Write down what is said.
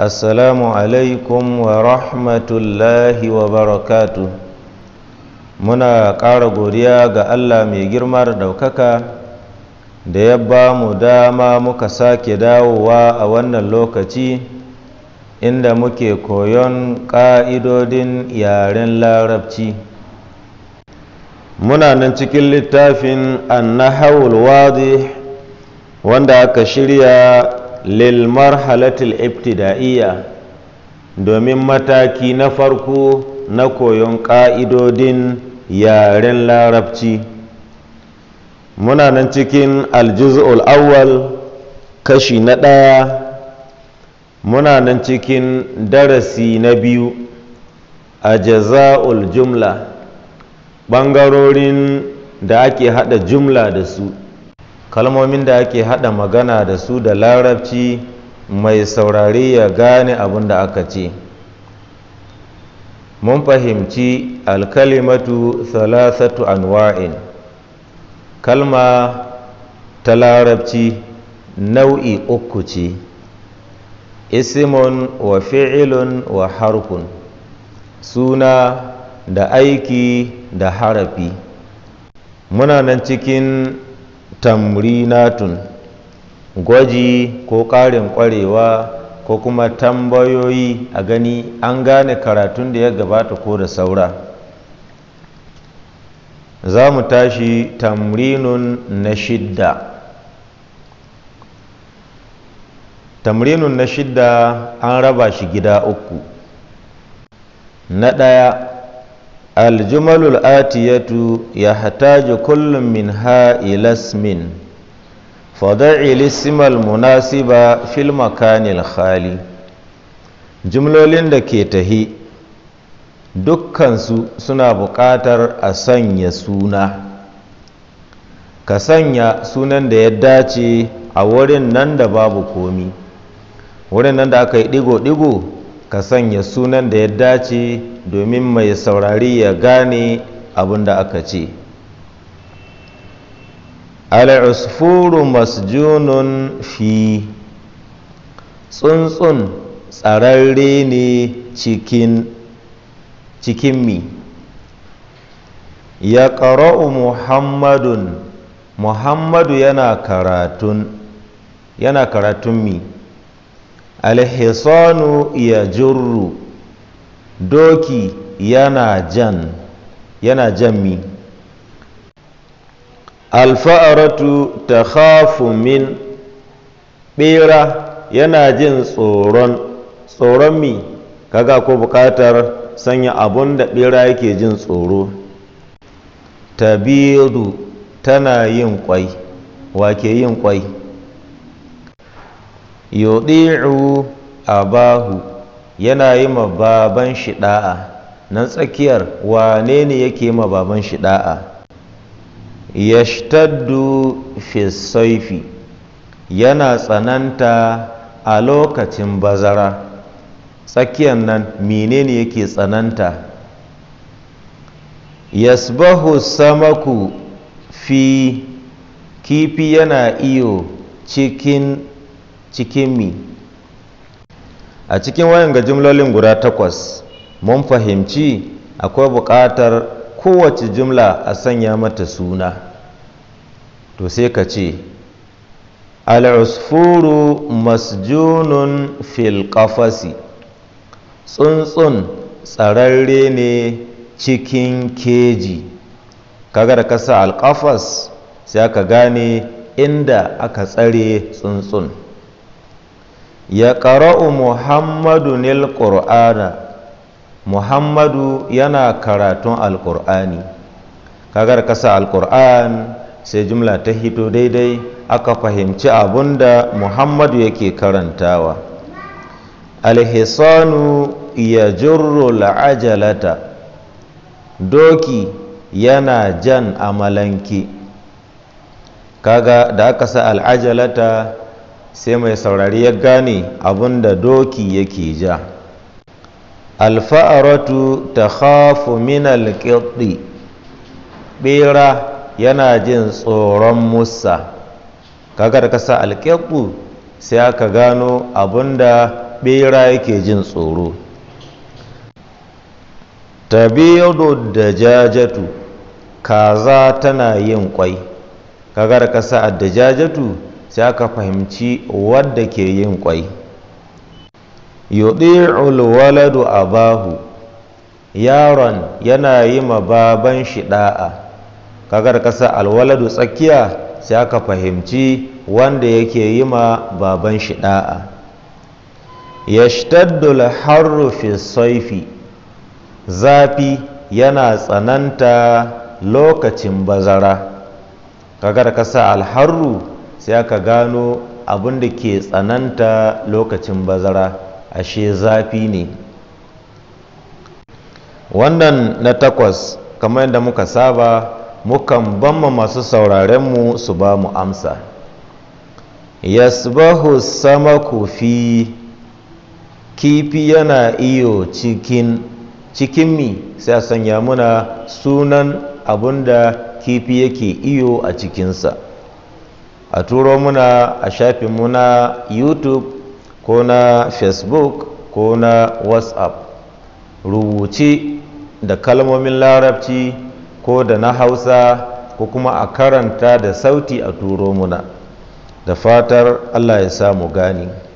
assalamu alaikum wa rahmatullahi wa barakatu muna ƙara godiya ga allah mai girma da ɗaukaka da ya ba mu dama muka sake dawowa a wannan lokaci inda muke koyon ƙa'idodin yaren larabci muna nan cikin littafin annahawul wadih wanda aka shirya lilmar halatul ibtida'iyya domin mataki na farko na koyon ƙa'idodin yaren larabci muna nan cikin aljuz'ul awwal kashi na ɗaya muna nan cikin darasi na biyu a jaza'ul jumla ɓangarorin da ake haɗa jumla da su kalmomin da ake haɗa magana da su da larabci mai saurari ya gane abin da aka ce mun fahimci alkalimatu salasatu anwa'in kalma ta larabci nau'i uku ce isimun wa fi'ilun wa harkun suna da aiki da harafi muna nan cikin tamrinatun gwaji ko ƙarin ƙwarewa ko kuma tambayoyi a gani an gane karatun da ya gabata ko da saura za mu tashi tamrinun na shidda tamrinun na shidda an raba shi gida uku na ɗaya الجمل الآتية يحتاج كل منها إلى اسم فضع الاسم المناسب في المكان الخالي jimlolin da ke tahi dukkansu suna buƙatar a sanya suna ka sanya sunan da ya dace a wurin nan da babu komi wurin nan da aka yi ɗigo-ɗigo ka sanya sunan da ya dace domin mai saurari ya gane abin da aka ce al'usfuru masjunun fi tsuntsun tsararre ne cikin mi ya ƙara'u muhammadun muhammadu yana karatun yana karatun mi alhisanu ya jirru doki yana jan yana janmi alfa'aratu ta khafu min ɓera yana jin tsoron tsoron mi kaga ko buƙatar sanya abun da ɓera yake jin tsoro tabiru tana yin kwai wake yin kwai yodi'u abahu yana yi ma baban shi da'a nan tsakiyar wane ne yake ma baban shi da'a yashtaddu fi yana tsananta a lokacin bazara tsakiyar nan menene yake tsananta yasbahu samaku fi kifi yana iyo cikin cikin mi a cikin wayan ga jimlolin guda takwas mun fahimci akwai buƙatar kowace jimla a sanya mata suna to sai ka ce al'usfuru masjunun fil ƙafasi tsuntsun tsararre ne cikin keji kaga da kasa alƙafas sai aka gane inda aka tsare tsuntsun ya ƙara'u muhammadu nil ƙur'ana muhammadu yana karatun alƙur'ani kagar kasa alƙur'an sai jumla ta hito daidai aka fahimci abun muhammadu yake karantawa alhisanu ya jirro la'ajalata doki yana jan amalanki kaga da aka sa al'ajalata sai mai saurari ya gane abin da doki yake ja alfa'aratu ta hafu min ɓera yana jin tsoron musa kagar da kasa alƙiɗu sai aka gano abin da ɓera yake jin tsoro Ta biyu da jajatu kaza tana yin ƙwai, kagar da kasa da jajatu sai aka fahimci wadda ke yin kwai yudi'ul waladu abahu yaron yana yi ma baban shi da'a kagar kasa alwaladu tsakiya sai aka fahimci wanda yake yi ma baban shi da'a yashtaddul harru fi saifi zafi yana tsananta lokacin bazara kagar kasa alharru sai aka gano abin da ke tsananta lokacin bazara ashe zafi ne wannan na takwas kamar yadda muka saba mukan bamma masu saurarenmu su ba mu amsa yasbahu sama kofi kifi yana iyo cikin cikin mi sai a sanya muna sunan abunda kifi yake iyo a cikinsa a turo muna a shafin muna youtube ko na facebook ko na whatsapp rubuci, da kalmomin larabci ko da na hausa ko kuma a karanta da sauti a turo muna da fatar allah ya samu gani